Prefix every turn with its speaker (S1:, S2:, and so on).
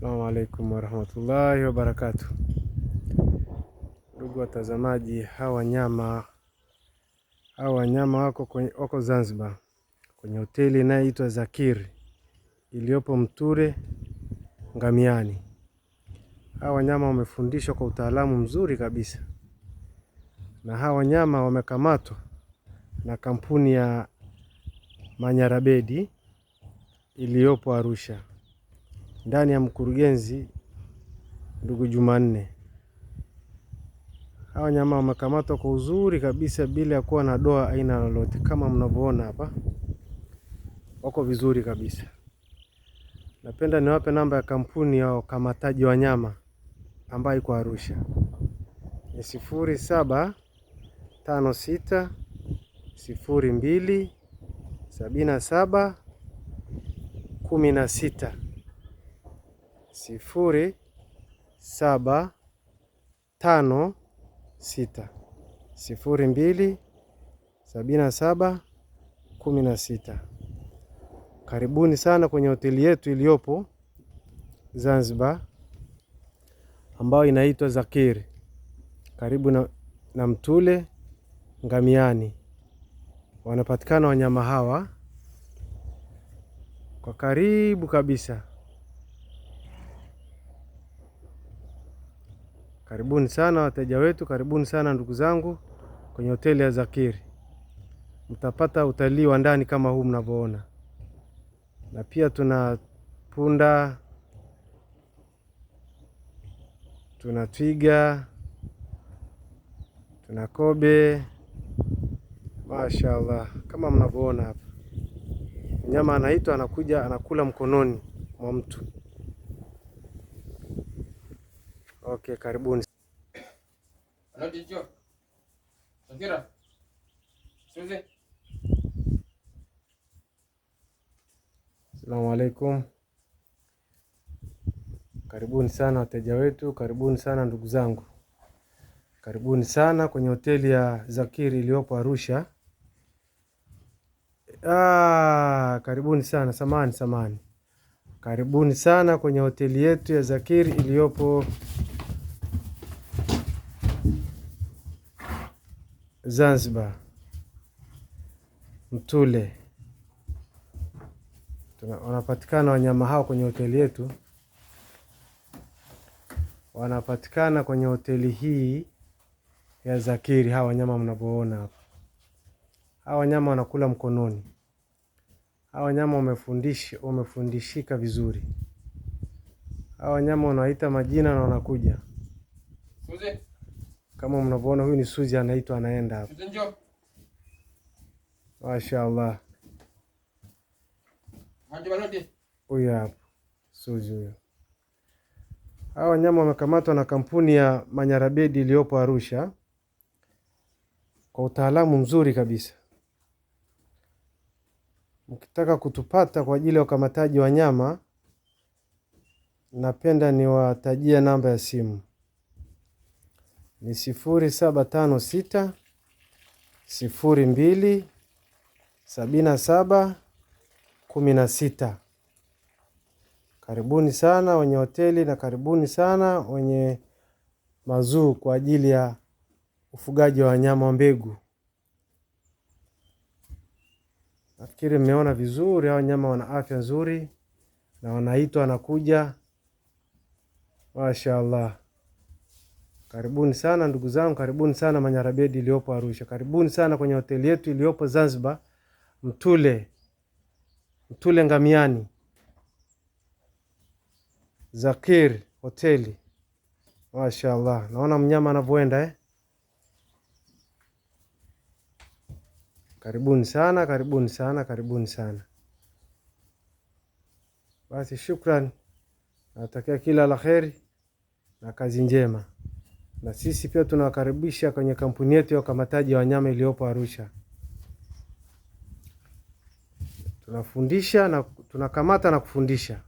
S1: Assalamu alaikum warahmatullahi wabarakatuh, ndugu watazamaji. Hawa wanyama hawa wanyama wako, kwenye, wako Zanzibar kwenye hoteli inayoitwa Zakiri iliyopo Mture Ngamiani. Hawa wanyama wamefundishwa kwa utaalamu mzuri kabisa, na hawa wanyama wamekamatwa na kampuni ya Manyarabedi iliyopo Arusha ndani ya mkurugenzi ndugu Jumanne. Hawa nyama wamekamatwa kwa uzuri kabisa bila ya kuwa na doa aina lolote, kama mnavyoona hapa, wako vizuri kabisa. Napenda niwape namba ya kampuni ya ukamataji wa nyama ambayo iko Arusha ni sifuri saba tano sita sifuri mbili sabini na saba kumi na sita sifuri saba tano sita sifuri mbili sabini na saba kumi na sita. Karibuni sana kwenye hoteli yetu iliyopo Zanzibar ambayo inaitwa Zakiri karibu na, na Mtule Ngamiani. Wanapatikana wanyama hawa kwa karibu kabisa. Karibuni sana wateja wetu, karibuni sana ndugu zangu kwenye hoteli ya Zakiri. Mtapata utalii wa ndani kama huu mnavyoona, na pia tuna punda, tuna twiga, tuna kobe. Mashaallah, kama mnavyoona hapa, mnyama anaitwa, anakuja, anakula mkononi mwa mtu. Okay, karibuni. Asalamu alaikum. Karibuni sana wateja wetu, karibuni sana ndugu zangu, karibuni sana kwenye hoteli ya Zakiri iliyopo Arusha. Ah, karibuni sana samani, samani, karibuni sana kwenye hoteli yetu ya Zakiri iliyopo Zanzibar, Mtule wanapatikana wanyama hao kwenye hoteli yetu, wanapatikana kwenye hoteli hii ya Zakiri. Hawa wanyama mnapoona hapa, hawa wanyama wanakula mkononi. Hawa wanyama wamefundishi wamefundishika vizuri. Hawa wanyama wanaita majina na wanakuja Suze. Kama mnavyoona huyu ni Suzi anaitwa anaenda hapa. Mashaallah. Huyu hapo Suzi huyo. Hawa wanyama wamekamatwa na kampuni ya Manyarabedi iliyopo Arusha kwa utaalamu mzuri kabisa. Mkitaka kutupata kwa ajili ya ukamataji wanyama, napenda niwatajie namba ya simu ni sifuri saba tano sita sifuri mbili sabini na saba kumi na sita. Karibuni sana wenye hoteli na karibuni sana wenye mazuu kwa ajili ya ufugaji wa wanyama wa mbegu. Nafikiri mmeona vizuri, hao wanyama wana afya nzuri na wanaitwa, wanakuja. Mashaallah. Karibuni sana ndugu zangu, karibuni sana Manyarabedi iliyopo Arusha, karibuni sana kwenye hoteli yetu iliyopo Zanzibar, Mtule Mtule Ngamiani, Zakir hoteli. Mashaallah, naona mnyama anavyoenda eh? Karibuni sana, karibuni sana, karibuni sana. Basi shukran, natakia kila la kheri na kazi njema. Na sisi pia tunawakaribisha kwenye kampuni yetu ya ukamataji wa wanyama iliyopo Arusha. Tunafundisha na tunakamata na kufundisha.